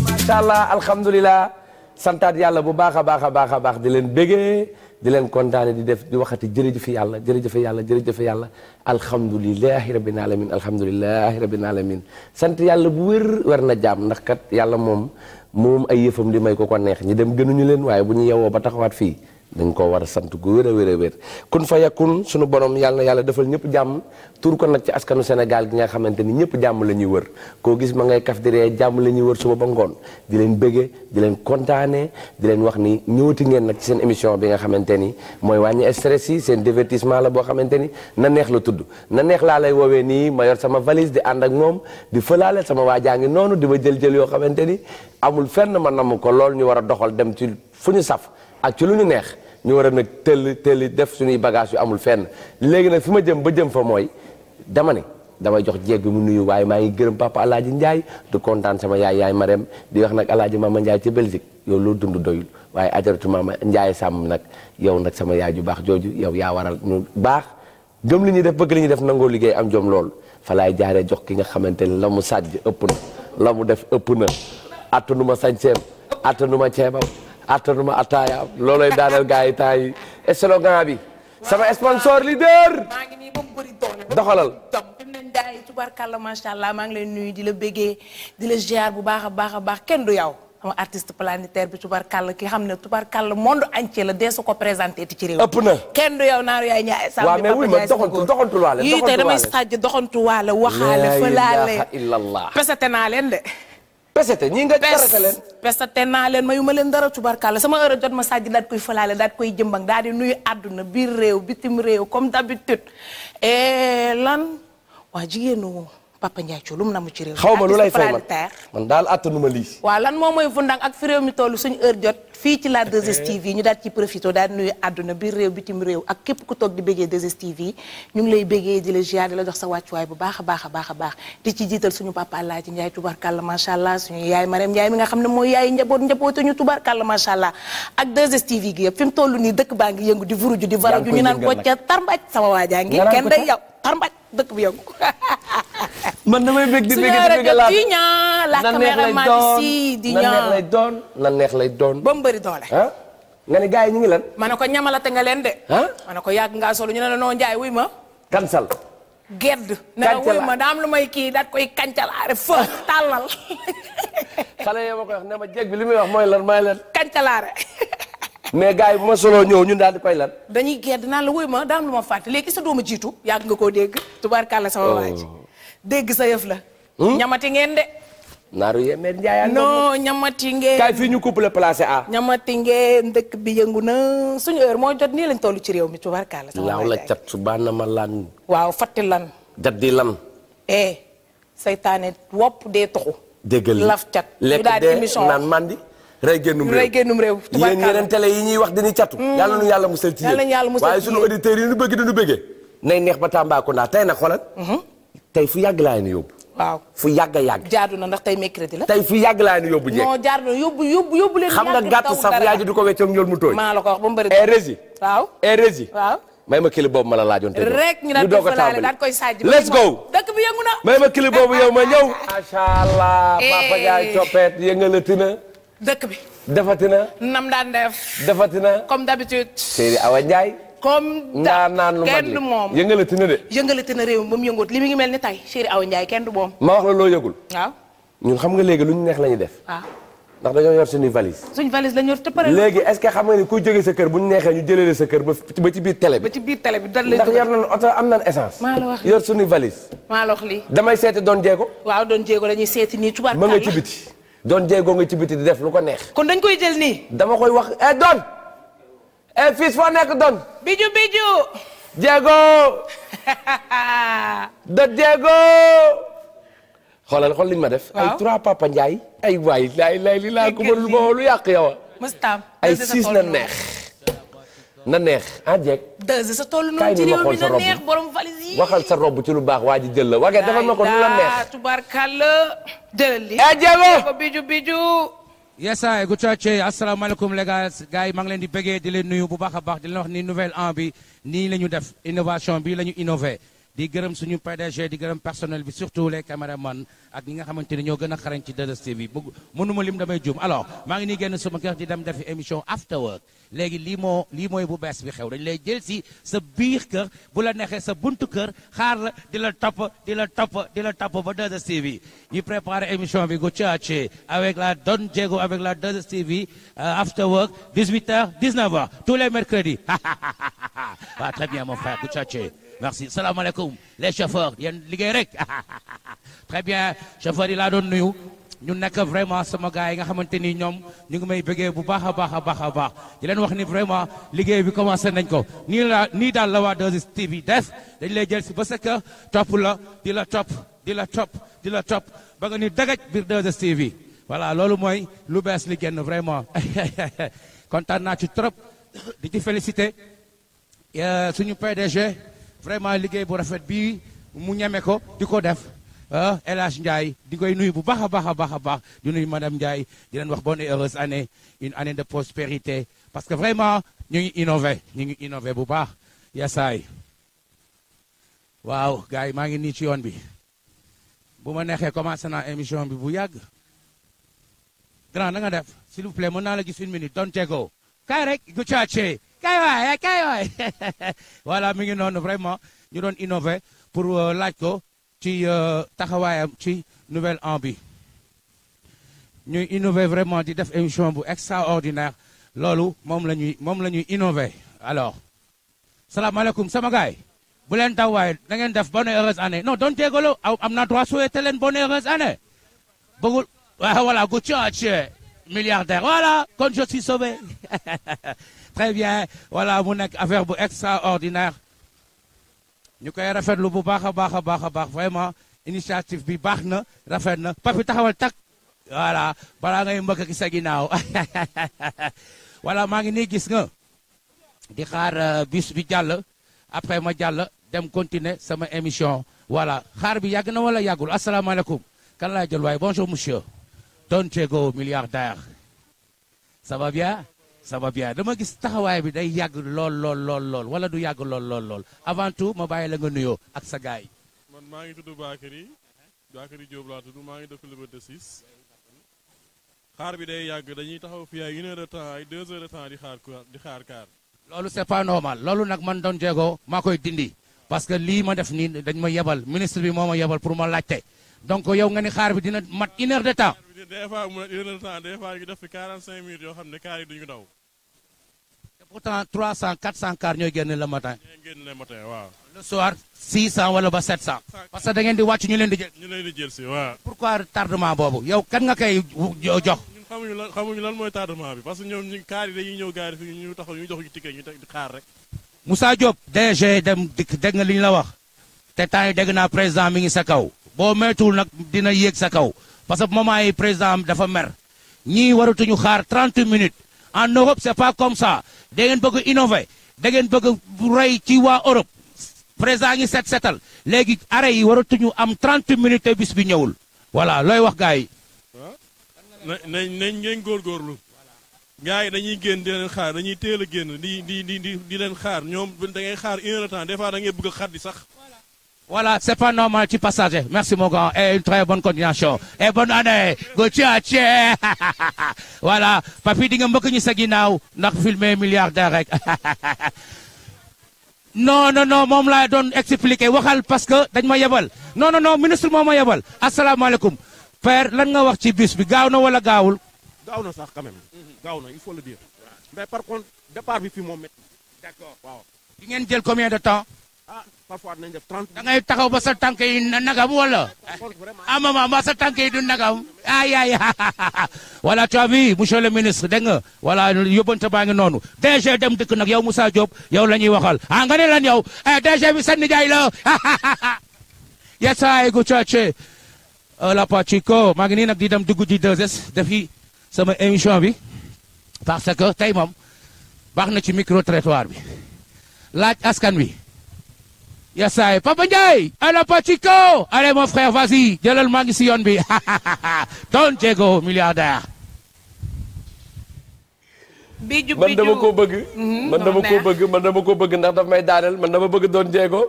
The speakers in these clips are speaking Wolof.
macha allah alhamdulilah santaat yàlla bu baax a baax a baax a baax di leen bégee di leen kontaane di def di waxati jërëjëf yàlla jërëjëf yàlla jërëjëf yàlla alhamdulilahi rabbil alamin alhamdulilahi rabbil alamin sant yàlla bu wér war na jaam ndax kat yàlla moom moom ay yëfam di may ko ko neex ñi dem gënuñu leen waaye bu ñu yewoo ba taxawaat fii dañ koo war a sant gu wér a wér a wér kun fa yakun sunu borom yàlla yàlla defal ñëpp jàmm tuur ko nag ci askanu Sénégal gi nga xamante ni ñëpp jàmm la ñuy wër koo gis ma ngay kaf di ree jàmm la ñuy wër suba ba ngoon di leen bëggee di leen kontaane di leen wax ni ñëwati ngeen nag ci seen émission bi nga xamante ni mooy wàññi stress yi seen divertissement la boo xamante ni na neex la tudd na neex laa lay woowee nii ma sama valise di ànd ak moom di fëlaale sama waa jaa noonu di ma jël-jël yoo xamante ni amul fenn ma namm ko loolu ñu war a doxal dem ci fu ñu ak ci lu ñu neex ñu war a nag tëll tëlli def suñuy bagage yu amul fenn léegi nag fi ma jëm ba jëm fa mooy dama ne damay jox jeeg bi mu nuyu waaye maa ngi gërëm papa alaaji Ndiaye di kontaan sama yaay yaay Marème di wax nag alaaji Mama Ndiaye ca Belgique yow loo dund doyul waaye ajaratu Mama Ndiaye sàmm nag yow nag sama yaay ju baax jooju yow yaa waral ñu baax jëm li ñuy def bëgg li ñuy def nangoo liggéey am jom lool falaay laay jaaree jox ki nga xamante ni la mu sàjj ëpp na la mu def ëpp na attanu ma sañ seem attanu ma ceebam attanuma attaayaam loolay daaneel gars yi temps yi slogan bi sama sponsor leader maa ngi nii ba mu bëri doole doxalal daay tubarkàlla macha allah maa ngi leen nuyu di la bëggee di la ziar bu baax a baax a baax kenn du yow sama artiste planétaire bi kall ki xam ne tubarkàlla monde entier la deesu ko présenté ci réew ëpp na kenn du yow naaru yaay ñaay sa waaw mais wuy ma doxantu doxantu waale yii tey damay sàjj doxantu waxaale fa laale pesete naa leen de pesete ñii nga. tarate leen pesete naa leen mayuma leen dara tubarkalla sama heure jot ma sàjj daat koy falaale daat koy jëmbang daal di nuyu àdduna biir réew bitim réew comme d'habitude et eh, lan waa jigéen ñi Papa Ndiaye Thio lu mu namu ci réew mi. lu lay fay man man daal attanuma lii. waaw lan moo mooy fundang ak fi réew mi toll suñu heure jot. fii ci la 2STV eh. ñu lay béggee di la jox sa wàccuwaay bu baax a baax a baax a baax di ci jiital suñu papa Alaaji Ndiaye tubarkalla macha allah suñu yaay Marème Ndiaye mi nga xam ne mooy yaay njaboot njaboote ñu tubarkalla macha allah ak 2STV gi yëpp fi mu toll nii dëkk baa ngi yëngu di vuruju di varaju man damay bëgg di bëgg di bëgg laa di ñaan la caméraman ici di ñaan na neex lay doon na neex lay doon. ba mu bëri doole. ah nga ne gars yi ñu ngi lan. ma ne ko ñamalate nga leen de. ah ne ko yàgg ngaa solo ñu ne la noo njaay wuy ma. kansal. gedd. na wuy ma daam lu may kii daat koy kancalaare fa tàllal. xale yi ma koy ma jég li muy wax mooy lan mooy lan. kancalaare. mais gars yi bu soloo ñëw ñun daal di koy lan. dañuy gedd naan la wuy ma daam lu ma fàtte léegi sa dooma jiitu yàgg nga koo dégg tubaarkàlla sama oh. waa dégg sa yëf la. Hmm? ñamati ngeen de. naaru yemeen njaayaan. non ñamati ngeen. kaay fii ñu la placé a ñamati ngeen dëkk bi yëngu na suñu heure moo jot nii lañ toll ci réew mi tubarkalla. laaw la cat su baax na ma lan. waaw fatti lan. jaddi lan. eh saytaane wopp dee toxu. dégg laf cat. ñu daal di émission naan mandi. rey génnum réew rey génnum réew. yi ñuy wax dañuy catu. Hmm. yàlla nu yàlla musal ci yéen yàlla nu yàlla musal ci yéen waaye yi nu bëgg dañu bëggee. nay neex ba Tambacounda tey nag xoolal. Mm-hmm. tey fu yàgg laa ni yóbbu. waaw fu yàgg a yàgg. na ndax tey mercredi la. tey fu yàgg laa ni yóbbu jeeg. non jaadu na yóbbu yóbbu yóbbu leen. xam nga sa saf yaa ji du ko weccam ñool mu tooy. maa la ko wax ba eh, eh, may ma kili boobu ma la laajoon. tey rek ñu daan koy falaale daan koy sàjj. let's go dëkk bi yëngu na. may ma kili boobu yow ma ñëw. Eh. macha allah papa Ndiaye coppeet yëngalati na. dëkk bi. defatina. nam daan def. defatina. comme d'habitude. Seydi Awa Ndiaye comme da naan lu kenn du moom de yëngalati na réew mi ba mu yëngoot li mi ngi mel ni tay chéri aw Ndiaye kenn du moom ma wax la loo yëgul waaw xam nga léegi lu neex la def ndax suñ valise lañ yor te bu ñu neexee ñu jëlee sa kër ba ci biir la wax yor la wax lii damay seeti doon jéego waaw doon jéego la ñuy seeti nii tubaab ma nga ci doon jéego nga ci di def lu ko neex kon dañ koy jël nii dama koy wax eh doon e fils foo nekk don biju biju jéego da jéego xoolal xool liñ ma def ay trois papa Ndiaye ay waay laay laay li laa ko mënul ma lu yàq yow a mustaam ay six na neex na neex ah jeeg deux sa toll noonu ci sa robb ci lu baax waa ji jël la wagee defal ma ko nu la neex tubaarkàlla jëlal li e eh, yesaay gu cocce asalaamaaleykum les gars gars yi maa leen di bëggee di leen nuyu bu baax a baax di leen wax ni nouvel an bi nii la ñu def innovation bi la ñu innové di gërëm suñu PDG di gërëm personnel bi surtout les caméramans ak ñi nga xamante ni ñoo gën a xarañ ci 2STV bi mënuma lim damay juum alo ma ngi nii génn suma kër di dem defi émission after work léegi lii moo lii mooy bu bees bi xew dañu lay jël si sa biir kër bu la neexee sa buntu kër xaar la di la topp la topp di la topp ba 2STV bi ñu préparé émission bi gu caace avec la Don Diego avec la 2STV euh, after work 18h 19h tous les mercredis waaw ah, très bien moom frère gu caace merci salaamaaleykum les chauffeurs yéen liggéey rek très bien chauffeurs yi laa doon nuyu ñu nekk vraiment sama gars yi nga xamante ni ñoom ñu ngi may bëggee bu baax a baax a baax a baax di leen wax ni vraiment liggéey bi commencé nañ ko nii nii daal la waa 2STV def dañ lay jël si ba sa topp la di la topp di la topp di la topp ba nga ni dagaj biir 2STV voilà loolu mooy lu bees li génn vraiment kontaan naa ci trop di ci félicité euh, suñu PDG. vraiment liggéey bu rafet bii mu ñeme ko di ko def ah El Ndiaye di koy nuyu bu baax a baax a baax a baax di nuyu madame Ndiaye di leen wax bonne et heureuse année une année de prospérité parce que vraiment ñu ngi innové ñu ngi innové bu baax yasaay waaw gars yi maa ngi nii ci yoon bi bu ma neexee commencé naa émission bi bu yàgg grand na nga def si vous plaît mën naa la gis une minute don tego kaay rek gu caacee kay waay eh, kay waay voilà mi ngi noonu vraiment ñu doon innové pour euh, laaj ko ci euh, taxawaayam ci nouvelle an bi ñuy innové vraiment di def émission bu extraordinaire loolu moom la ñuy moom la ñuy innové alors salaamaaleykum sama gaay bu leen daw waaye da ngeen def bonne heureuse année non doon jégalu am naa droit souhaiter leen bonne heureuse année bëggul waaw voilà gu cooc milliardaire voilà kon je suis très bien voilà mu nekk affaire bu extraordinaire ñu koy rafetlu bu baax a baax a baax a baax vraiment initiative bi baax na rafet na papi taxawal tak voilà balaa ngay mbëkk gis sa ginnaaw wala maa ngi nii gis nga di xaar euh, bus bi jàll après ma jàll dem continuer sama émission wala xaar bi yàgg na wala yàggul asalaamaaleykum kan laa jël waay bonjour monsieur Don Diego milliardaire ça va bien ça va bien dama gis taxawaay bi day yàgg lool lool lool lool wala du yàgg lool lool lool avant tout ma bàyyi la nga nuyoo ak sa gars yi. maa ngi tudd Bakary Bakary maa ngi dëkk Liberté 6 xaar bi day yàgg dañuy taxaw fii ay de temps ay deux heures de temps di xaar kaar. loolu c'est normal loolu nag man doon jéego maa koy dindi parce que lii ma def nii dañ ma yebal ministre bi moo ma yebal pour ma laajte. donc yow nga ni xaar bi dina mat une de temps. des fois mu une heure de temps des fois ñu def fi 45 minutes yoo xam ne kaar yi duñu daw. te pourtant 300 400 kaar ñooy génn le matin. ñooy génn le matin waaw. le soir 600 wala ba 700. parce que ngeen di wàcc leen di jël. ñu leen di jël si waaw. pourquoi retardement boobu yow kan nga parce que ñoom ñu kaar yi dañuy ñëw gaari fi ñu taxaw ñu jox li ñu la wax. te temps yi dégg naa président mi ngi sa kaw. boo moytuwul nag dina yéeg sa kaw parce que moment yi président dafa mer ñii waratuñu xaar trente minutes en Europe c'est pas comme ça da ngeen bëgg innover da ngeen bu rey ci waa Europe président ngi set setal léegi arrêt yi waratuñu am 30 minutes te bis bi ñëwul voilà looy wax gars yi. nañ nañ nañ góorgóorlu. gars yi dañuy génn di leen xaar dañuy teel a génn di di di di leen xaar ñoom da ngay xaar une heure de temps des fois bëgg a xaddi sax. Voilà, c'est pas normal, tu passager. Merci mon grand. Et une très bonne continuation. Et bonne année. Gotiache. voilà. Papi di nga mbëkk ñu sa ginnaaw ndax filmé milliardaire rek. non non non moom laa doon expliquer waxal parce que dañ ma yebal. non non non ministre moo ma yebal. asalaamaaleykum. père lan nga wax ci bis bi gaaw na wala gaawul. gaaw na sax quand même. gaaw na il faut le dire. mais par contre départ bi fii moom métti. d'accord di ngeen jël combien de temps. parfois dinañ def 30. da taxaw ba sa tànk yi nagam wala. ah maman sa tànk yi du nagam. ay ay voilà tu le ministre dégg nga voilà yóbbante baa ngi noonu DG dem dëkk nag yow Moussa Diop yow la ñuy waxal ah nga ne lan yow eh, DG bi seen nijaay la yes ay gu cooce la paciko maa ngi nii nag di dem dugg ci 2 defi sama émission bi parce que tey moom baax na ci micro trottoir bi laaj askan wi yasaay Papa Ndiaye ana Pachiko allez mon frère vas-y jëlal maa ngi si yoon bi Don Diego milliardaire biju biju man dama koo bëgg mhm. man dama koo bëgg man dama koo bëgg ndax daf may daaneel man dama bëgg Don Diego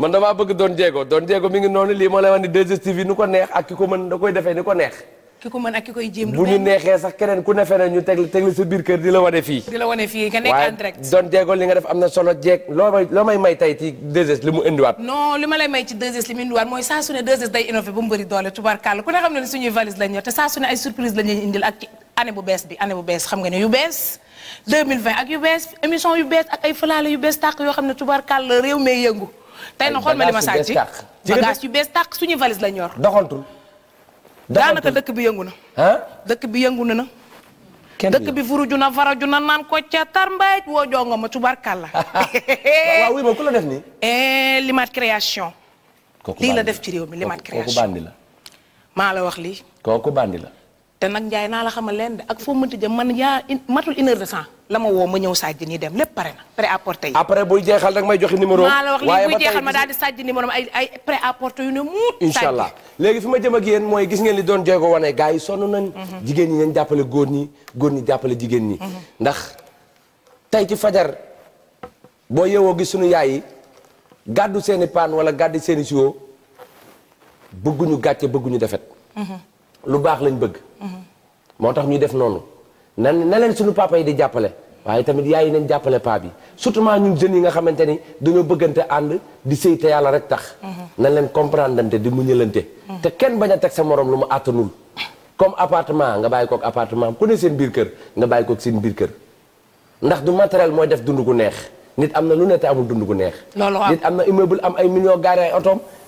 man damaa bëgg Don Diego Don Diego mi ngi noonu lii moo lay wax ni 2STV yi nu ko neex ak ko mën da koy defee ni ko neex ki ko mën ak ki koy jéem bu ñu neexee sax keneen ku ne feneen ñu teg teg la sa biir kër di la wane fii di la wane fii nga nekk direct doon déggoo li nga def am na solo jeeg loo may loo may may tey ci 2S li mu indiwaat non li ma lay may ci 2 li mu indiwaat mooy saa su ne 2 day innové ba mu bëri doole tubarkàlla ku ne xam ne suñuy valise lañ te saa su ne ay surprise lañ leen ak ci année bu bees bi année bu bees xam nga ne yu bees 2020 ak yu bees émission yu ne tubarkàlla réew mee yëngu tey na xool ma li daanaka dëkk bi yëngu na. ah dëkk bi yëngu na na. dëkk bi furuju na faraju na naan ko ca tar mbaaj woo jongo ma tubarkalla. waaw oui ma ku la def nii. Eh, limat création. lii la def ci réew mi limat création kooku bandi la. maa la wax lii. kooku bandi la. te nag Ndiaye naa la xamal leen de ak foo mënti jëm man yaa matul une heure de la ma woo ma ñëw sàjj nii dem lépp pare na prêt à porter yi. après buy jeexal rek may joxe numéro. maa la wax lii buy jeexal ma daal di sàjj numéro ay ay prêt à yu ne muut. incha allah léegi fi ma jëm a yéen mooy gis ngeen li doon jéego wane gars yi sonn nañ mhm. jigéen ñi nañ jàppale góor ñi góor ñi jàppale jigéen ñi. Mhm. ndax tey ci fajar boo yeewoo gis sunu yaay yi gàddu seen i paan wala gàddu seen i siwo bëgguñu gàcce bëgguñu defet mhm. lu baax lañ bëgg. moo tax ñuy def noonu na na leen suñu papa yi di jàppale. waaye tamit yaay yi nañ jàppale paa bi surtout ñun jeunes yi nga xamante ni dañoo bëggante ànd di sëy te yàlla rek tax. nañ leen comprendre di muñalante. te kenn bañ a teg sa morom lu mu àttanul. comme appartement nga bàyyi kook appartement ku ne seen biir kër nga bàyyi kook seen biir kër ndax du matériel mooy def dund gu neex nit am na lu ne te amul dund gu neex. nit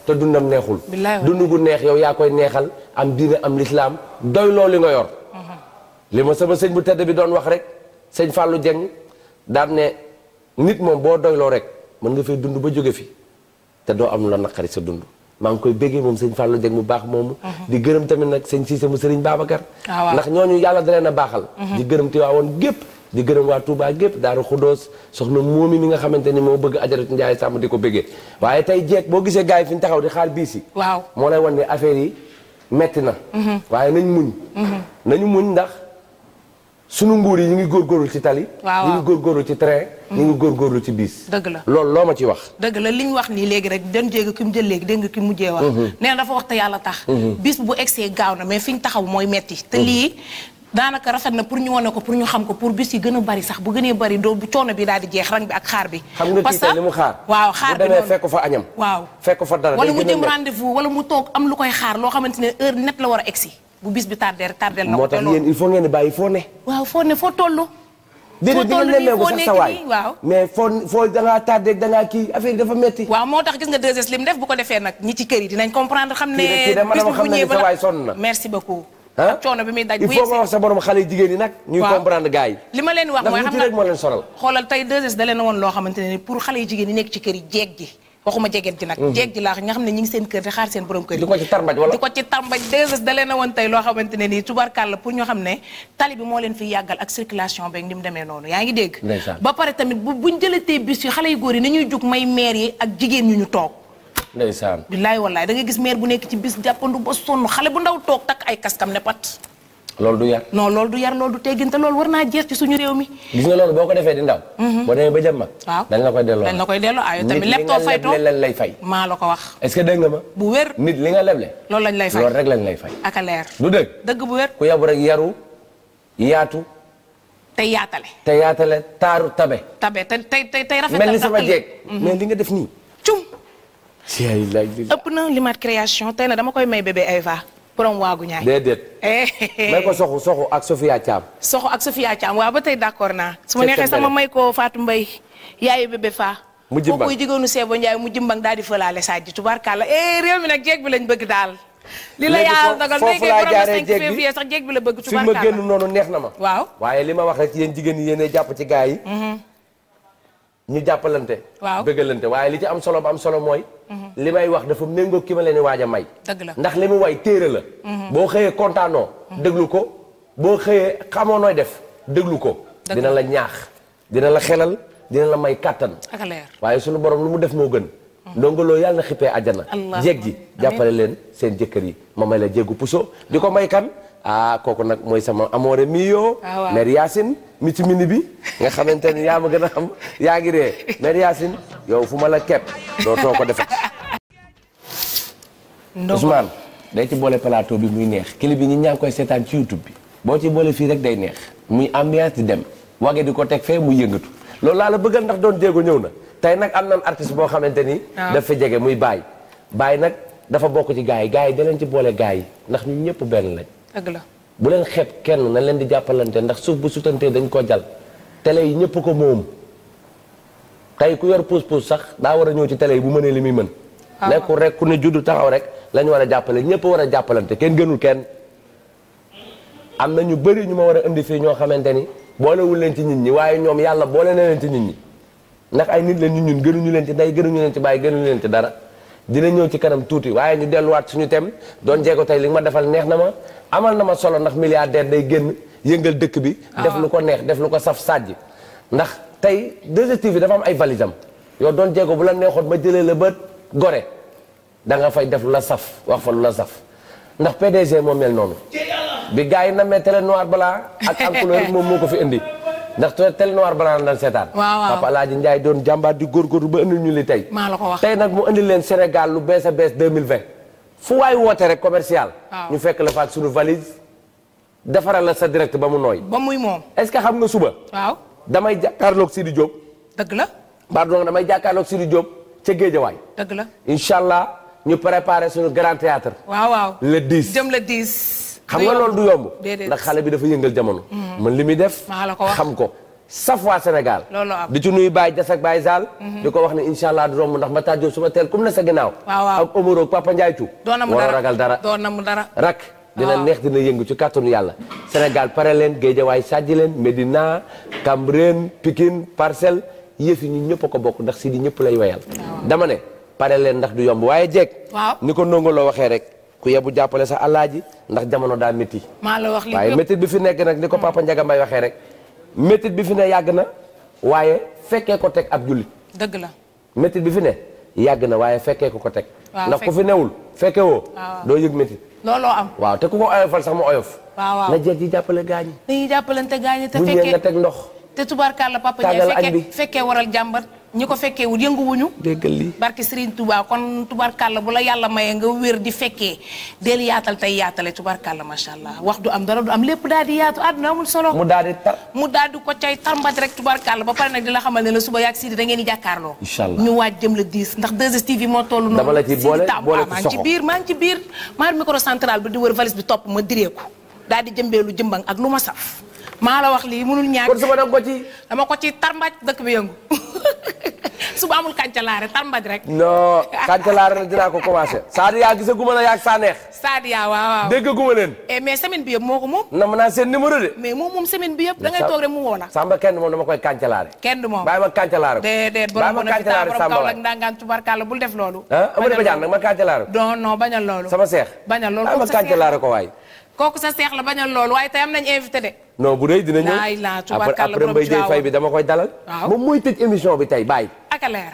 te dundam neexul dund bu neex yow yaa koy neexal am diine am lislaam doyloo li nga yor mhm. li ma sama sëñ bu tedd bi doon wax rek sëñ Fallou Dieng daan ne nit moom boo doyloo rek mën nga fee dund ba jóge fi te doo am la naqari sa dund maa ngi koy béggee moom sëñ Fallou Dieng bu baax moomu mhm. di gërëm tamit nag sëñ Cissé mu sëriñ Babacar ah, ndax ñooñu yàlla da leen a baaxal mhm. di gërëm Tiwaawoon gépp di gërëm waa Touba gépp Daaru Xuddoos soxna moomi mi nga xamante ni moo bëgg ajarat Njaay sàmm di ko bëggee waaye tey jeeg boo gisee gars yi fi ñu taxaw di xaar biis yi waaw moo lay wan ne affaire yi metti na mhm. waaye nañ muñ mhm. nañu muñ ndax sunu nguur yi ñu ngi góorgóorlu ci tali mhm. la loolu loo ma ci wax dëgg la mu jël léegi dégg nga ki mujjee wax nee na dafa wax te yàlla gaaw na mais fi ñu taxaw mooy metti te lii daanaka rafet na pour ñu wane ko pour ñu xam ko pour bis yi gën a bari sax bu gënee bari doo bu coono bi daal di jeex rang bi ak xaar bi. parce que xam nga kii tey waaw xaar bi noonu bu fekk fa dara wala mu toog am lu koy xaar loo xamante ne heure net la war a egsi bu bis bi tardé tardel na ko. moo tax yéen il faut ngeen bàyyi foo ne. waaw foo ne foo toll. foo foo nekk nii waaw mais foo foo dangaa tardé dangaa kii affaire yi dafa metti waaw moo tax gis nga 2S lim def bu ko defee nag ñi ci kër yi dinañ comprendre xam ne. bis bu ñëwee ba merci beaucoup ak coono bi muy daj. bu il faut nga wax sa borom xale jigéen ñi nag. ñuy comprendre gars yi. li ma leen wax mooy xam rek moo leen soral. xoolal tey 2S da leen woon loo xamante ne pour xale yu jigéen ñi nekk ci kër yi jeeg ji nag mhm. jeeg ji laa nga ne ñi ngi seen kër di xaar seen borom kër di ko ci tarbaj wala di ko ci tarbaj dëgg da leen a woon tey loo xamante ne nii tubarkàlla pour ñoo xam ne tali bi moo leen fi yàggal ak circulation beeg ni mu demee noonu yaa ngi dégg ba pare tamit bu buñ jëlatee bis yi xale yu góor yi nañuy jug may maire yi ak jigéen ñu ñu toog ndeysaan billaay wallaay da nga gis maire bu nekk ci bis jàppandu ba sonn xale bu ndaw toog takk ay kaskam ne pat loolu lañ mhm. lay fay maa la ko wax est-ce ma bu wér nit li nga leble loolu lañ lay fay aka leer du dëgg dëgg bu wér ku yabu rek yaru yaatu te yaatale taaru tabe tabe te tey tey tey rafetal mel ni sama jeeg mhm. mais li nga def nii ëpp na limaat création tey na dama koy may bébé Eva borom waagu ñaay déedéet eh. may ko soxu soxu ak Sofia Thiam soxu ak Sofia Thiam waaw ba tey d'accord naa su ma neexee sama may ko faatu Mbaye yaayu bébé Fa mu jimbang kooku jigéenu Sebo Ndiaye mu jimbang daal di fëlaale Sadji tubaarkàlla eh réew mi nag jéeg bi lañ bëgg daal li la yàlla dogal foofu laa jaaree bi sax jéeg bi la bëgg tubaarkàlla fi ma génn noonu neex na ma waaw waaye li ma wax rek yéen jigéen yi yéen jàpp ci ñu jàppalante. waaw bëggalante waaye li ci am solo ba am solo mooy. Mhm. li may wax dafa méngoo ki ma leen waaj a may. dëgg la ndax li mu waay téere la. Mhm. boo xëyee kontaanoo. Mhm. déglu ko boo xëyee xamoo nooy def déglu ko. dina la ñaax dina la xelal dina la may kàttan. ak leer waaye sunu borom lu mu def moo gën. ndongoloo yàlla na xippee àjjana. jeeg ji jàppale leen seen jëkkër yi ma may la jéegu puso di ko may kan. ah kooku nag mooy sama amoore mio ah, mère Yacine mini bi nga xamante ni yaa ma gën a xam yaa ngi ree mère yow fu ma la kepp doo too ko defat Ousmane day ci boole plateau bi muy neex clip bi ñi ñaa ngi koy seetaan ci YouTube bi boo ci boole fii rek day neex muy ambiance di dem wage di ko teg fee muy yëngatu loolu laa la bëggal ndax doon jéego ñëw na tey nag am na artiste boo xamante ni ah. dafa jege muy Baye bàyyi nag dafa bokk ci gaa yi gaa yi daleen ci boole gars yi ndax ñun ñëpp benn lañ dëgg la bu leen xeeb kenn na leen di jàppalante ndax suuf bu sutantee dañ ko jal tele yi ñëpp ko moom tey ku yor pousse-pousse sax daa war a ñëw ci tele yi bu mënee li muy mën ah. nekkul rek ku ne juddu taxaw rek lañu war a jàppale ñëpp war a jàppalante kenn gënul kenn am na ñu bëri ñu ma war a indi fii ñoo xamante ni boolewul leen ci nit ñi waaye ñoom yàlla boole na leen ci nit ñi ndax ay nit leen ñu ñun gënuñu leen ci ndey gënuñu leen ci bàyyi gënuñu leen ci dara dina ñëw ci kanam tuuti waaye ñu delluwaat suñu tem doon jéego tey li ma defal neex na ma amal na ma solo ndax milliardaire day génn yëngal dëkk bi. Ah. def lu ko neex def lu ko saf sàjj ndax tey 2STV dafa am ay valisam yow doon jéego bu la neexoon ma jëlee la bët gore da nga fay def lu la saf wax fa lu la saf ndax PDG moom mel noonu. bi gaa yi namee télé noir balaa ak en moom moo ko fi indi. ndax tel noir blanc dañ seetaan papa Alaaji Njaay doon jàmbaar di góorgóorlu ba indil ñu li tey la ko tey nag mu indil leen Sénégal lu bees a bees 2020 fu waay woote rek commercial ñu fekk la faak suñu valise defaral la sa direct ba mu nooy ba muy moom est-ce que xam nga suba waaw damay jàkkaarloog di Diop dëgg la pardon damay jàkkaarloog Sidi Diop ca Géejawaay dëgg la incha allah ñu préparé suñu grand théâtre waaw waaw le 10 xam nga loolu du yomb ndax xale bi dafa yëngal jamono mm-hmm. man li muy def xam ko saf waa Sénégal di ci nuyu Baye Diass ak baay Zal mm-hmm. di ko wax ne incha allah du romb ndax ma tàjjoo suma teel kum ne sa ginnaaw ak Omaro Papa Ndiaye Thiou war a ragal dara doon na mu dara rak dina neex dina yëngu ci kàttanu yàlla Sénégal pare leen Géejawaay sàjji leen Médina Cambérène Pikine Parcelles yëf yi ñun ñëpp ko bokk ndax si di ñëpp lay wayal dama ne pare leen ndax du yomb waaye jeeg ni ko ndongoloo waxee rek ku yebu jàppale sa alaaji ndax jamono daa métti. maa la wax li waaye métti bi fi nekk nag ni ko papa Ndiaga Mbaye rek métti bi fi ne yàgg na waaye fekkee ko teg ab jullit. la métti bi fi ne yàgg na waaye fekkee ko ko teg. ndax ku fi newul fekke woo. doo yëg métti. looloo am waaw te ku ko oyofal sax mu oyof. waaw waaw na jeeg yi jàppale gaañ. dañuy jàppalante gaañ te fekkee bu nga teg ndox. te tubaarkàlla papa Ndiaye fekkee waral jàmbar ñi ko fekkee wut yënguwuñu déggal lii barki Serigne Touba kon tubarkàlla bu la yàlla maye nga wér di fekkee del yaatal tey yaatale tubarkàlla macha allah wax du am dara du am lépp daal di yaatu àdduna amul solo mu daal di tar mu daal di ko cay tarmbat rek tubarkàlla ba pare nag di la xamal ne la suba yaag Sidi da ngeen di jàkkaarloo incha allah ñu waaj jëm le 10 ndax 2STV moo toll noonu dama la ci boole ah, maa ngi ci biir maa ngi ci biir maa micro central bi di wër valise bi topp ma direeku daal di jëmbeelu jëmbang ak lu ma saf maa la wax lii mënul ñàkk kon suba dama ko ci dama ko ci tarmbaaj suba amul kàncalaare tàmbaj rek. non kàncalaare nag dinaa ko commencé. Sadia gis guma la yaag Saneex. Sadia waaw waaw dégg guma leen. Eh, mais semaine bi yëpp moo ko moom. na ma naan seen numéro de. mais moom moom semaine bi yëpp da mu woo la. Samba kenn moom dama ma kàncalaare ko. déedéet borom borom kaw lak ndangaan tubarkalla bul def loolu. ah Amady Badiane nag ko. non non la bañal loolu waaye tey am nañ invité de non bu rëy dina ñëw après Mbaye Dieye Faye bi dama koy dalal moom mooy tëj émission bi tey bàyyi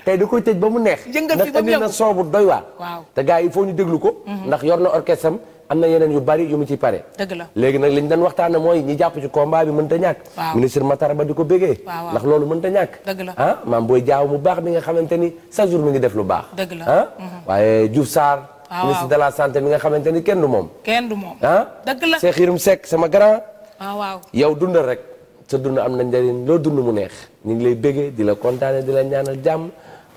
tey da koy tëj ba mu neex ndax indi na soobu doy waar te gars yi il faut ñu déglu ko mhm. ndax yor na orchestre am am na yeneen yu bari yu mu ci pare léegi nag li ñu doon waxtaane mooy ñu jàpp ci combat bi mënta ñàkk ministre Matar Ba di ko bégee ndax loolu mënta ñàkk ah maam booy jaaw mu baax mi nga xamante ni chaque jour mi ngi def lu baax ah mhm. waaye Diouf Sarr ah, ministre da la santé mi nga xamante ni kenn du moom kenn du moom ah dëgg la Cheikh Yirim Seck sama grand waaw ah, waaw yow dundal rek sa dund am na njëriñ loo dund mu neex ñu ngi lay bëggee di la kontaane di la ñaanal jàmm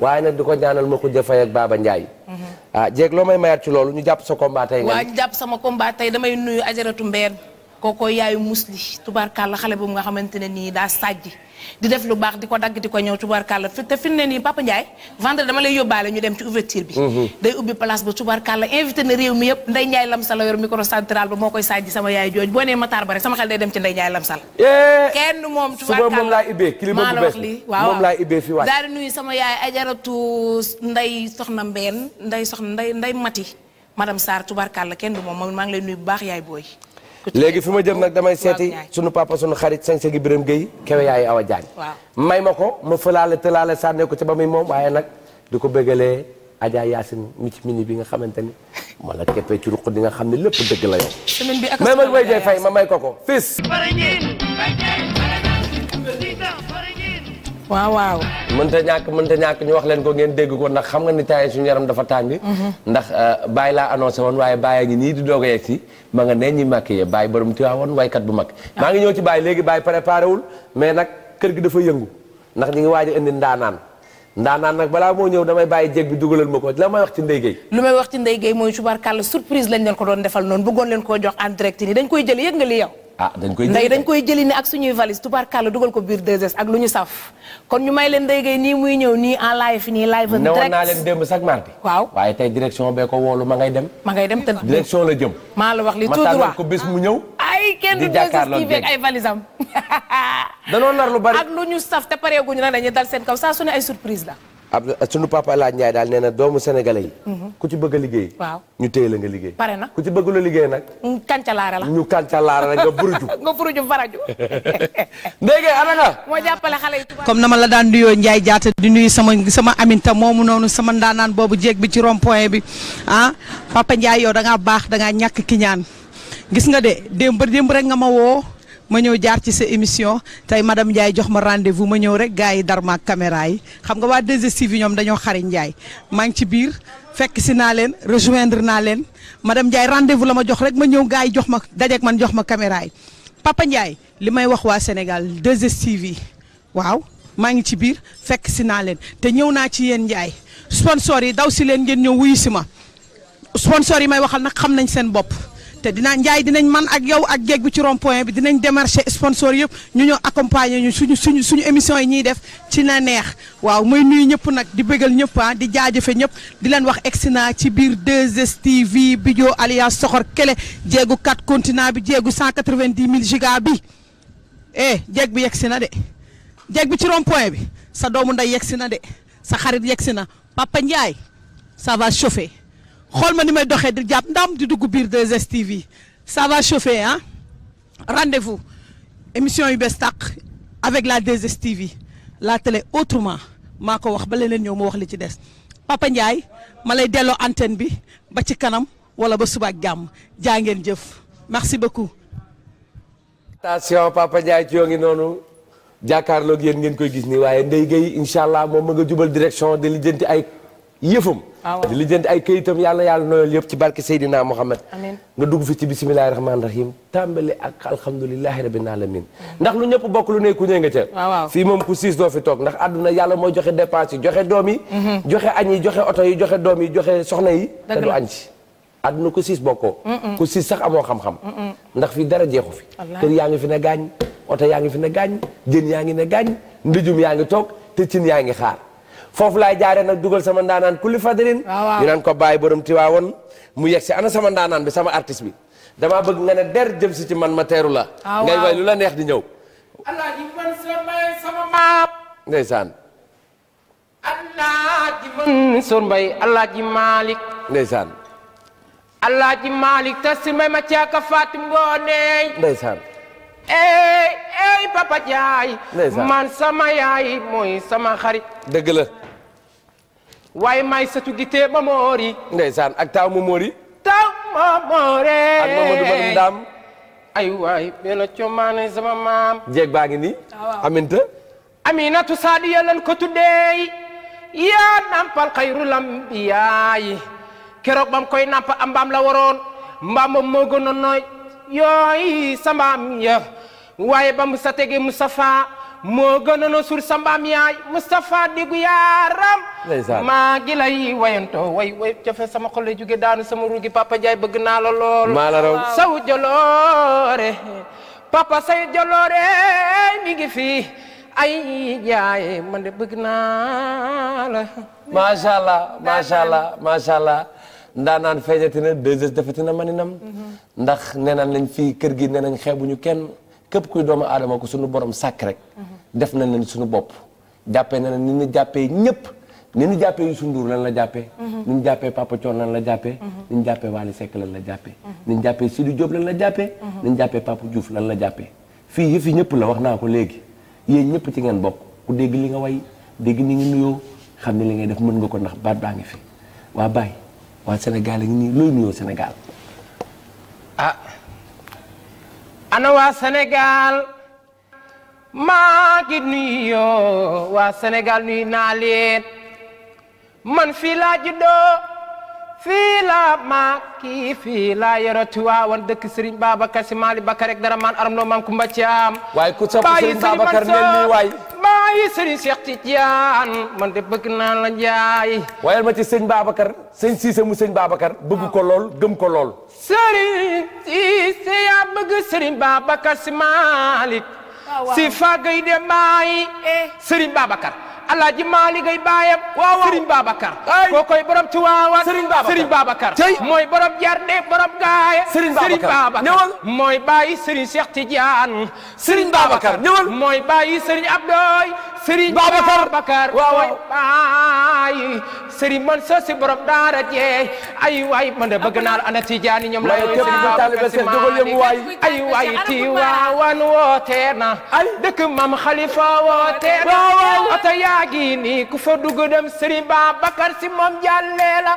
waaye nag di ko ñaanal ma ko jëfay ak Baba Ndiaye mhm. ah jeeg loo may mayaat ci loolu ñu jàpp sa combat tey nga ñu jàpp sama combat tey damay nuyu ajaratu mbeen kooko yaayu musli la xale boobu nga xamante ne nii daa sàjji di def lu baax di ko dagg di ko ñëw tubaarkàlla fi te fi ne nii Papa Ndiaye vendredi dama lay yóbbaale ñu dem ci ouverture bi mhm. day ubbi place ba tubaarkàlla invité na réew mi yëpp Ndeye Ndiaye Lamsal la yor micro central ba moo koy sàjji sama yaay jooj boo nee Matar ba rek sama xel day dem ci Ndeye Ndiaye Lamsal kenn moom tubaarkàlla suba moom laa ubbee climat bu bees bi waaw moom laa ubbee fii waay daal di nuyu sama yaay ajaratu Ndeye Soxna Mbeen Ndeye Soxna Ndeye Ndeye Mati madame Sarr tubaarkàlla kenn du moom maa ngi bu baax yaay booy léegi fi ma jëm nag damay seeti sunu papa sunu xarit sañ gi Birame Gueye kewe yaay Awa Diagne may ma ko ma fëlaale tëlaale sànnee ko ci ba muy moom waaye nag di ko bëggalee ajaa Yacine mi ci mini bi nga xamante ni ma la keppee ci ruq di nga xam ne lépp dëgg la yow may ma fay ma may ko ko fis waaw waaw mënta ñàkk mënta ñàkk ñu wax leen ko ngeen dégg ko ndax xam nga ni tay suñu yaram dafa tàng mhm. ndax euh, bàyyi laa annoncé woon waaye bàyyi ngi nii di doog a yegg si ma nga nee ñi màkk yee bàyyi borom tiwaa woon waykat bu mag ah. maa ngi ñëw ci bàyyi léegi bàyyi préparé wul mais nag kër gi dafa yëngu ndax ñi ngi waaj a ndaanaan ndaanaan nag balaa moo ñëw damay bàyyi jéeg bi dugalal ma ko la may wax ci Ndeye Gueye lu may wax ci Ndeye Gueye mooy subarkàll surprise jox en direct jël yëg nga li yow ah dañ koy ndey dañ koy jëli ne ak suñuy valise la dugal ko biir 2S ak lu ñu saf kon ñu may leen ndéygay nii muy ñëw nii en live nii live en direct naa leen démb sax mardi waaw waaye tey direction bee ko woolu ma ngay dem ma ngay dem te direction la jëm maa la wax li tout droit ko bés mu ñëw ay kenn du 2S kii fekk ay valise am danoo nar lu bari ak lu ñu saf te pareeguñu nag dañuy dal seen kaw saa su ne ay surprise la ab sunu papa laaj daal nee na doomu sénégalais yi. Mhm. ku ci bëgg a liggéey. waaw ñu téye la nga liggéey. pare na ku ci bëgg la liggéey nag. ñu kàncalaare la ñu kàncalaare la nga buruju. nga buruju faraju. ndége ana nga. moo jàppale xale yi. comme nama la daan nuyoo Ndiaye jaata di nuyu sama sama aminta moomu noonu sama ndaanaan boobu jéeg bi ci rond point bi ah papa Ndiaye yow da baax danga ngaa ñàkk ki ñaan gis nga de démb démb rek nga ma woo. ma ñëw jaar ci sa émission tey madame Ndiaye jox ma rendez-vous ma ñëw rek gars yi dar maak caméra yi xam nga waa 2STV ñoom dañoo xariñ Ndiaye maa ngi ci biir fekk si naa leen rejoindre naa leen madame Ndiaye rendez-vous la ma jox rek ma ñëw gars yi jox ma dajeek man jox ma caméra yi Papa Ndiaye li may wax waa Sénégal 2STV waaw maa ngi ci biir fekk si naa leen te ñëw naa ci yéen Ndiaye sponsor yi daw si leen ngeen ñëw wuyu si ma sponsor yi may waxal nag xam nañ seen bopp. te dinañ njaay dinañ man ak yow ak géej gu ci rompoint bi dinañ démarcher sponsor yëpp ñu ñoo accompagner ñu suñu suñu suñu émission yi ñuy def ci na neex waaw muy nuy ñëpp nag di bëggal ñëpp ah di jaajëfe ñëpp di leen wax egsi naa ci biir 2STV Bidio alias Soxor Kele jéegu 4 continant bi jéegu 190 000 giga bi eh jéeg bi yegsi na de jéeg bi ci rompoint bi sa doomu nday yegsi na de sa xarit yegsi na Papa Ndiaye ça va chauffer. xool ma ni may doxee di jàpp ndam di dugg biir 2STV yi ça chauffer ah rendez émission yu bees tàq avec la 2STV yi la télé autrement maa ko wax ba leneen ñëw ma wax li ci des Papa Ndiaye ma lay delloo antenne bi ba ci kanam wala ba suba gàmm jaa ngeen jëf merci beaucoup. attention Papa Ndiaye ci yoo ngi noonu jàkkaarloog yéen ngeen koy gis nii waaye Ndeye gay incha allah moom ma nga jubal direction de lijjanti ay. yëfam ah, di lijjanti ay këyitam yàlla yàlla noyal yëpp ci barke Seydina Muhammad amiin nga dugg fi ci bismillahi rahmaani rahim tàmbali ak alhamdulilahi rabbil alamin ndax lu ñëpp bokk lu ne ku ñëw nga ca waaw fii moom ku siis doo fi toog ndax àdduna yàlla mooy joxe dépense yi joxe doom yi mhm. joxe añ yi joxe oto yi joxe doom yi joxe soxna yi te du añ ci àdduna ku siis bokkoo ku siis sax amoo xam-xam ndax fii dara jeexu fi kër yaa ngi fi ne gaañ oto yaa ngi fi ne gaañ jën yaa ngi ne gaañ ndëjum yaa ngi toog te yaa ngi xaar foofu laay jaaree nag dugal sama ndaanaan kulli fadrin ah, ñu naan ko bàyyi borom tiwaawoon mu yeg si ana sama ndaanaan bi sama artiste bi damaa bëgg nga ne der jëm si ci man ma teeru la ah, ngay way lu la neex di ñëw alaaji man sorbay sama ndeysaan alaaji man sorbay alaaji si may ma caaka faati mbooneey ndeysaan ey ey papa jaay man sama yaay mooy sama xarit dëgg la waaye maay sëtu gitee ba moori. ndeysaan ma moori. taaw ma moore. ak Mamadou Badou Ndam. ay waay benn maam. jeeg baa ngi nii. Ah, waaw aminta. aminatu saadiya lan ko yaa nampal xayru lam yaayi. keroog bam koy namp am mbaam la waroon. mbaam moom moo gënoon sa mbaam ya. waaye ba mu sa tege moo gënoon sur samba am yaay Moustapha diggu yaaram. maa ngi lay wayantoo way way jafe sama xol lay jóge daanu sama ruugi papa jaay bëgg naa la lool. maa la raw saw joloore papa say joloore mi ngi fi ay jaaye man bëgg naa la. macha allah macha allah macha allah. ndaanaan feeñati na 2S maninam. Mhm. ndax nee nañ lañ kër gi nee nañ ñu kenn. képp ku doomu aadama ko sunu borom sàkk rek def na leen suñu bopp jàppee na ni ñu jàppee ñëpp ni ñu jàppee Youssou Ndour la jàppee ni jàppe jàppee Papa Thion la jàppee ni ñu jàppee Wally la jàppee ni ñu jàppee Sidi la jàppee ni ñu jàppee Papa Diouf lan la jàppee fii yëf yi ñëpp la wax naa ko léegi yéen ñëpp ci ngeen bokk ku dégg li nga way dégg ni ngi nuyoo xam ne li ngay def mën nga ko ndax baat baa ngi fi waa Baye waa Sénégal a ngi looy nuyoo Sénégal ah ana waa senegal maa ngi nuyoo waa Sénégal nuyu naa man fii laa juddoo fii laa màkki fii laa dëkk Serigne Babacar Si Maali Bakar rek dara aram loo Kumba Caam waay ku sopp Serigne yi sëriñ Cheikh Tidiane man de bëgg naa la jaay wayal ma ci sëñ Babacar sëñ Cissé mu sëñ Babacar bëgg ko lool gëm ko lool sëriñ Cissé yaa bëgg sëriñ Babacar si Malick ah, si fàggay de maayi eh. sëriñ Babacar alaaji maali gay baayam waaw sëriñ babacar koo koy borom ci waawan sëriñ babacar mooy borom jarde borom gaaya sëriñ babacar ñëwal mooy bàyyi sëriñ cheikh tidiane sëriñ babacar ñëwal mooy bàyyi sëriñ abdoy Serigne Babacar waaw waaw ay Serigne man sa si borom daara jee ay waay man da bëgg naa la ana Tijaani ñoom la képp ku taalibe Seex jógal yëngu waay ay waay Tiwaawan woote na ay dëkk Maam Khalifa woote na oto yaa ngi nii ku fa dugg dem Serigne Babacar si moom jàllee la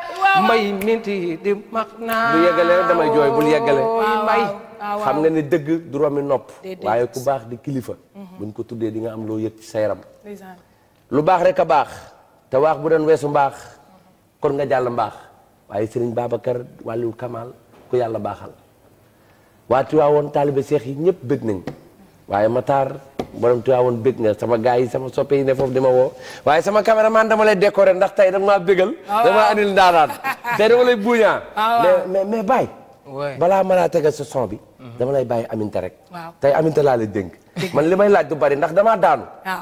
may minti di mag naa bu yeggale damay jooy bul yeggale may Ah, xam nga ne dëgg du romi nopp waaye ku baax di kilifa mhm. buñ ko tuddee dinga nga am loo yëg ci sa yaram lu baax rek a baax te waax bu doon weesu mbaax kon nga jàll mbaax waaye sëriñ Babacar wàllu Kamal ku yàlla baaxal waa Tiwaawoon taalibe seex yi ñëpp bëgg nañ waaye Matar borom Tiwaawoon bëgg nga sama gaa yi sama soppe yi ne foofu di ma woo waaye sama caméraman dama lay décorer ndax tey danga maa bëggal ah, dama andil ndaanaan tey dama lay ah, balaa ma laa tegal sa son bi dama lay bàyyi aminte rek. waaw tey aminte laa la dénk. man li may laaj du bari ndax damaa daanu. waaw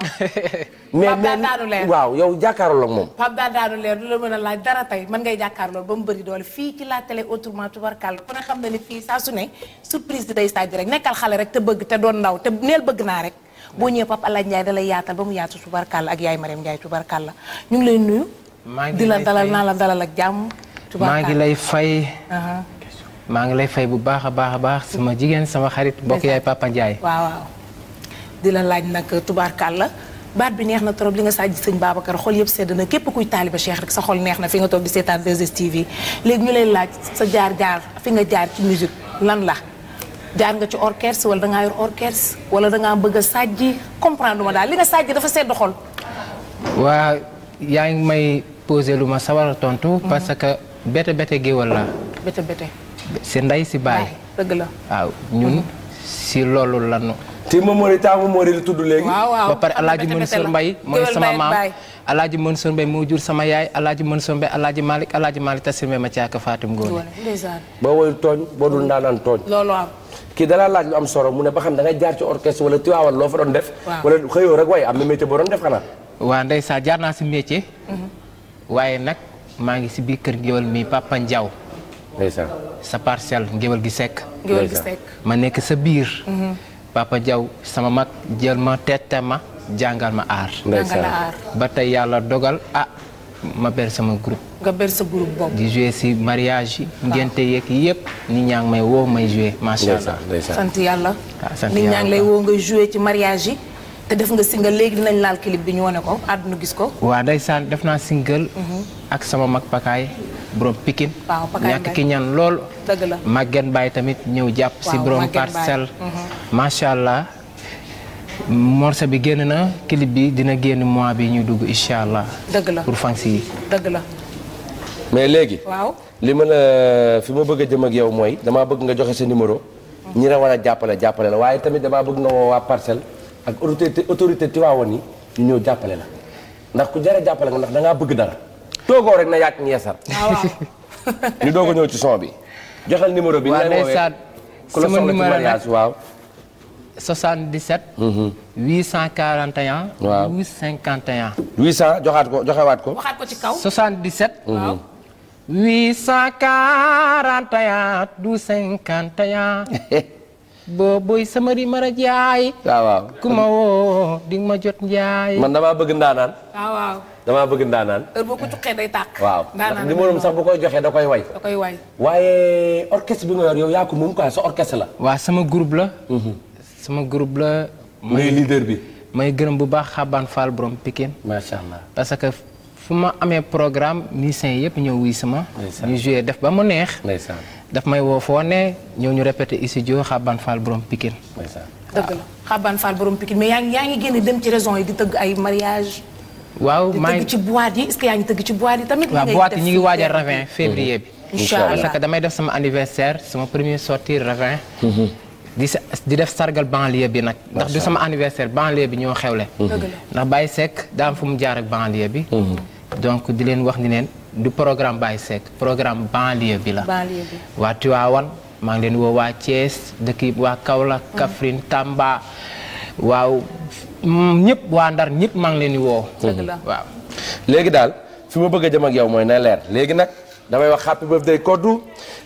mais mais moom. Pape Daan daanu leer du la mën a laaj dara tey mën ngay jàkkaarloo ba mu bëri doole fii ci la télé autrement tubarkàlla ku ne xam na ni fii saa su ne surprise di day sàjj rek nekkal xale rek te bëgg te doon ndaw te neel bëgg naa rek. boo ñëwee Pape Alaaji Ndiaye da lay yaatal ba mu yaatu tubarkàlla ak yaay Mariam Ndiaye tubarkàlla ñu ngi lay nuyu. di la dalal naa la dalal ak jàmm. tubarkàlla maa ngi lay fay bu baax a baax a baax sama jigéen sama xarit mbokk yaay Papa Ndiaye. waaw waaw di la laaj nag la baat bi neex na trop li nga sàjj sëñ Babacar xol yëpp sedd na képp kuy taaliba Cheikh rek sa xol neex na fi nga toog di seetaan 2STV léegi ñu lay laaj sa jaar jaar fi nga jaar ci musique lan la. jaar nga ci orchestre wala da ngaa yor orchestre wala da ngaa bëgg a sàjji comprendre ma daal li nga sàjji dafa sedd xol. waa yaa ngi may posé lu ma sawar tontu. parce que bete géwal la. si ndey si baay. dëgg la waaw ñun si loolu la ñu. te Momori taamu Momori la tudd léegi. waaw waaw ba pare El Hadj Mansour Mbaye mooy sama maam El Hadj moo jur sama yaay El mën Mansour Mbaye El Hadj Malick El Hadj Malick Tassir Mbaye ma caaka Fatim Ngoone. boo woyul tooñ boo dul ndaanaan tooñ. loolu am. kii dalaa laaj lu am solo mu ne ba xam da ngay jaar ci orchestre wala Tiwaawan loo fa doon def. wala xëyoo rek waaye am na métier doon def xanaa. waa ndeysaan jaar naa si métier. Mhm. waaye nag maa ngi si biir kër géwél mi Papa Ndiaw. sa parcelle ngéwél gi sekk ma nekk sa biir mhm. papa jaw sama mag jël ma tette ma jàngal ma aar ba tey yàlla dogal a ah, ma ber sama groupe nga ber sa groupe di joué si mariage yi ngénte yeeg yëpp nit ñaa ngi may woo may joué macha sant yàlla ah, nit ñaa ngi woo nga joué ci mariage yi te def nga single léegi dinañ laal clip bi ñu wane ko àdduna gis ko. waa waaw ndeysaan def naa single. Mhm. ak sama mag Pakaay borom Pikine. waaw Pakaay ñàkk ki ñan lool. dëgg la Maguette Baye tamit ñëw jàpp. si borom parcelle. Mhm. macha allah. morceau bi génn na clip bi dina génn mois bi ñuy dugg incha allah. dëgg la pour fans yi. la. mais léegi. waaw li ma la fi ma bëgg a jëm ak yow mooy damaa bëgg nga joxe sa numéro. Mhm. ñu la war a jàppale jàppale la waaye tamit damaa bëgg nga woo waa ak autorité autorité Tiwaawan yi ñu ñëw jàppale la ndax ku jara jàppale nga ndax da ngaa bëgg dara toogoo rek na yàq ngeesar ah, ñu doog a ci son bi joxal numéro bi waaw ndeysaan sama numéro nag waaw 77 841 mhm. waaw 851 800 joxaat ko joxewaat ko ko ci kaw 77 mhm. waaw 841 booboy samari mara jaay. waaw waaw ku ma woo di ma jot njaay. man damaa bëgg ndaanaan. waaw waaw. damaa bëgg ndaanaan. heure boo ko tuqee day tàq. waaw ndax numéro sax bu koy joxee da koy way. da koy way waaye orchestre bi nga yor yow yaa ko moom quoi sa orchestre la. waa sama groupe la. Mhm. sama groupe la. may leader bi. may gërëm bu baax Xabaan Fall borom Pikine. macha allah parce que fu ma amee programme musiciens yëpp ñëw wuy sama. ñu joué def ba mu neex. ndeysaan daf may woo foo ne ñëw ñu répété studio Xaban Fall borom Pikine. dëgg la Xaban Fall borom Pikine mais yaa ngi yaa ngi génn dem ci raison yi di tëgg ay mariage waaw maa ngi ci boîte yi est-ce tëgg ci boîte yi tamit. waaw boîte yi ñu ngi waajal ravin bi. incha parce que damay def sama anniversaire sama premier sortie ravin. Mhm. di sa di def sargal banlieue bi nag. ndax du sama anniversaire banlieue bi ñoo xewle. ndax Baye Seck daa fu mu jaar ak banlieue bi. Mhm. donc di leen wax ni leen. di programme Baye Seck programme banlieue bi la. banlieue bi waa Tivaouane maa ngi woo waa Thiès dëkk yi waa Kaolack. Mm. Kaffrine Tamba waaw ñëpp waa Ndar ñëpp maa ngi leen di woo. dëgg mm-hmm. léegi daal su ma bëgg a jëm ak yow mooy na leer léegi nag damay wax happy birthday koddu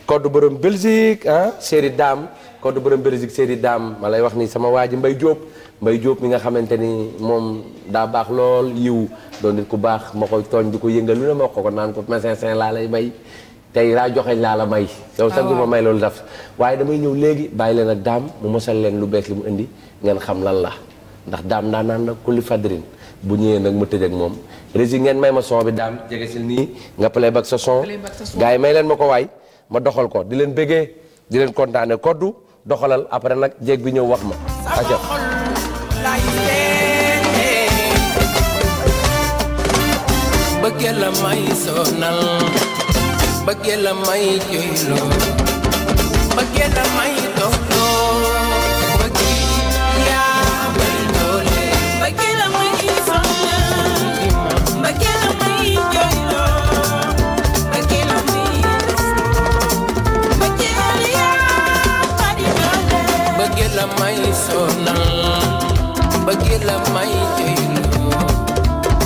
koddu borom Belgique ah chérie dame Kodou borom Belgique chérie daam ma lay wax ni sama waa ji Mbaye Diop. may Diop mi nga xamante ni moom daa baax lool yiw doon nit ku baax ma koy tooñ di ko yëngal lu ne ma ko ko naan ko médecin saint laa lay may tey laa joxe laa la may yow sa ah, du ma may loolu daf waaye damay ñëw léegi bàyyi leen ak daam mu mosal leen lu bees li mu indi ngeen xam lan la ndax daam daa naan la kulli fadrin bu ñëwee nag ma tëj ak moom rési ngeen may ma son bi daam jege si nii nga play back sa son gars yi may leen ma ko waay ma doxal ko di leen bëggee di leen kontaane koddu doxalal après nag jéeg ñëw wax ma bëggee la may sonal bëggee la may joyloo bëggee la may doxloo bëggee yaa may doole bëggee la may sonal bëggee la may joyloo bëggee la may bëggee yaa may doole bëggee la may sonal mbëggeel la may doyloo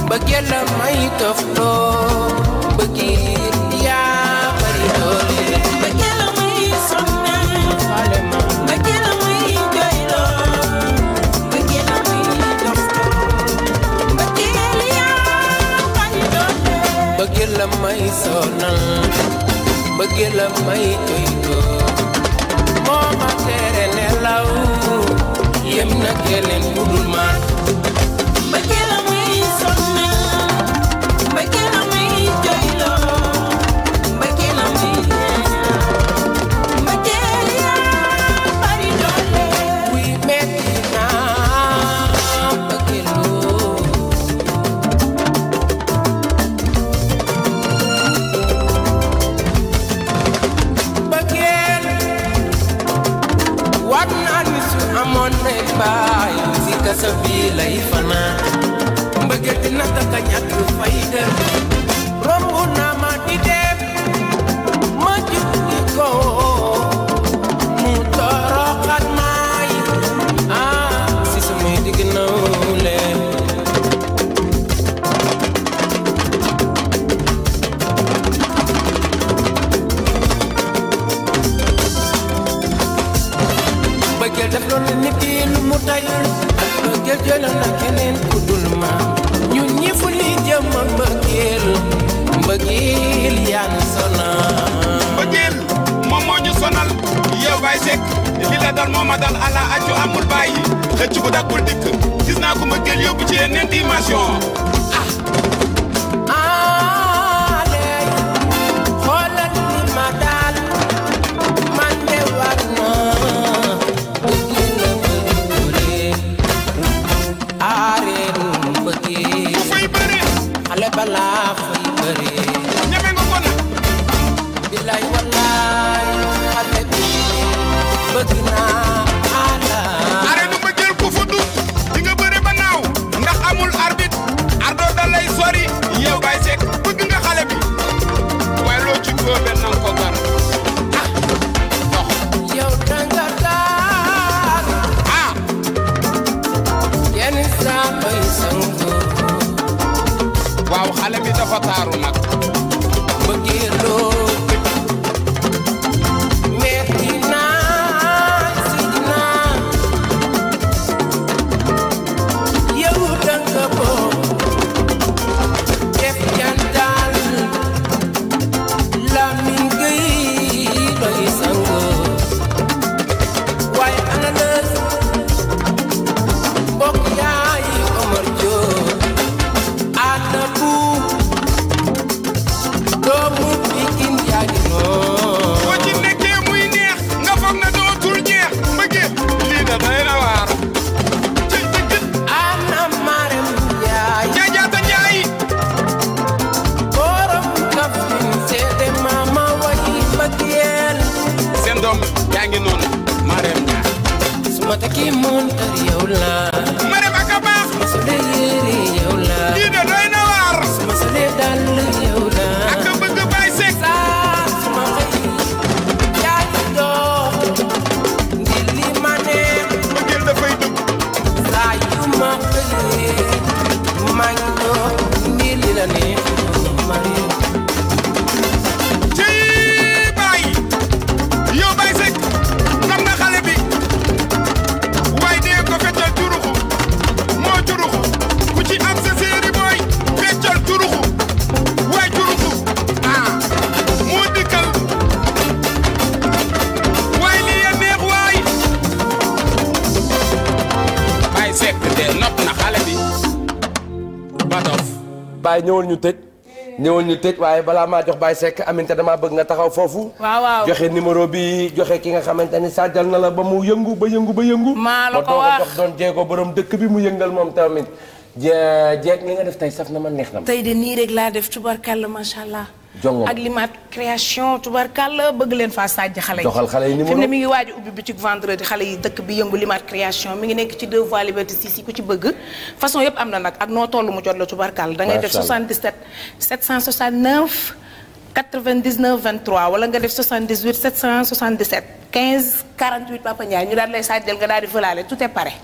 mbëggeel la may tofloo mbëggeel yaa bari doole mbëggeel la may sonnal la may doyloo mbëggeel la la may sonnal yem na keneen ku dul man Bataf. ñëwal ñu tëj. ñëwoon ñu tëj waaye balaa maa jox Baye Seck aminte damaa bëgg nga taxaw foofu. waaw waaw joxe numéro bi joxe ki nga xamante ni sàjjal na la ba mu yëngu ba yëngu ba yëngu. maa la ko wax doon jéego borom dëkk bi mu yëngal moom tamit. jé jéeg li nga def tey saf na ma neex na ma. tey di nii rek laa def tubarkalla macha allah. ak limaat création tubarkàlla bëgg leen faa sàjj xale yi joxal xale yi mu mi ngi waaj ubbi boutique vendredi xale yi dëkk bi yëngu limaat création mi ngi nekk ci deux voies liberté six yi ku ci bëgg façon yëpp am na nag ak noo toll mu jot la tubarkàlla da ngay def 77 769 99 23 wala nga def 78 777 15 48 Papa Ndiaye ñu daal lay sàjjal nga daal di fëlaale tout est paré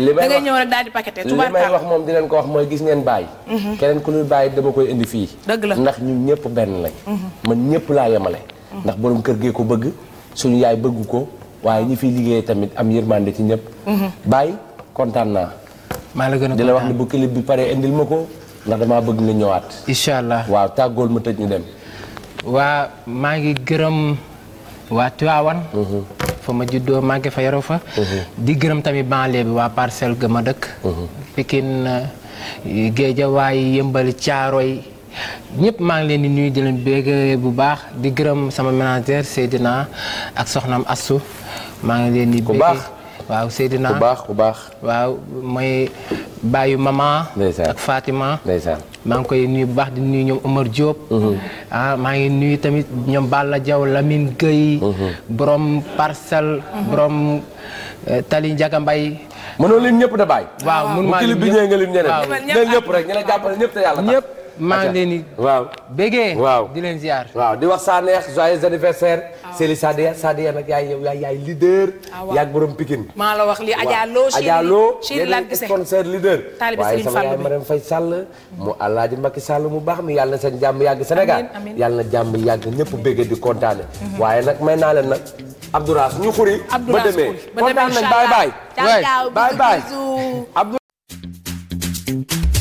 li may wax ñëw rek daal di paqueté li may wax moom di leen ko wax mooy gis ngeen bàyyi. Mhm. keneen ku dul bàyyi dama koy indi fii. la ndax ñun ñëpp benn lañ. Mhm. man ñëpp laa yemale. Mhm. ndax borom kër gee ko bëgg suñu yaay bëgg ko waaye ñi fi liggéey tamit am yërmande ci ñëpp. bàyyi kontaan naa. maa la gën a di bu clip bi pare indil ma ko ndax damaa bëgg nga ñëwaat. incha allah waaw tàggool ma tëj ñu dem. waa maa ngi gërëm waa Tiwaawan. fa ma juddoo màgge fa yaroo fa. Mhm. di gërëm tamit banlieue waa parcelle ga ma dëkk. Mhm. Pikine Géejawaay Yëmbal Caaroy ñëpp maa ngi leen di nuyu di bégg bu baax di gërëm sama ménagère Seydina ak soxnaam Assu maa ngi leen di. waaw Seydina bu baax bu baax. waaw mooy bàyyu mama ak Fatima maa ngi koy nuyu bu baax di nuyu ñoom Omar Diop mhm. ah maa ngi nuyu tamit ñoom Balla Diaw Lamine Gueye mhm. borom parcelle mhm. borom eh, Tali Ndiaga Mbaye mënoo lim ñëpp da bàyyi waaw mun maa lim ñëpp waaw rek ñu la yàlla tax maa ngi leen di. waaw bégee. waaw di leen ziar. waaw di wax Sanex joyeux anniversaire. waaw ah. Céline Sadia Sadia nag yaay yow yaay leader. Ah, waaw yaag borom Pikine. maa la wax li Adja Lo. Adja Lo yeneen sponsor leader. taalibe Serigne Fall waaye sama yaay Marème Faye Sall. mu Alaaji Macky Sall mu baax mi yàlla na seen jàmm yàgg Sénégal. yàlla na jàmm yàgg ñëpp bégee di kontaane. Mhm. waaye nag may naa leen nag. Abdourass ñu xuri. ba demee kontaan nañ bye bye. bye bye.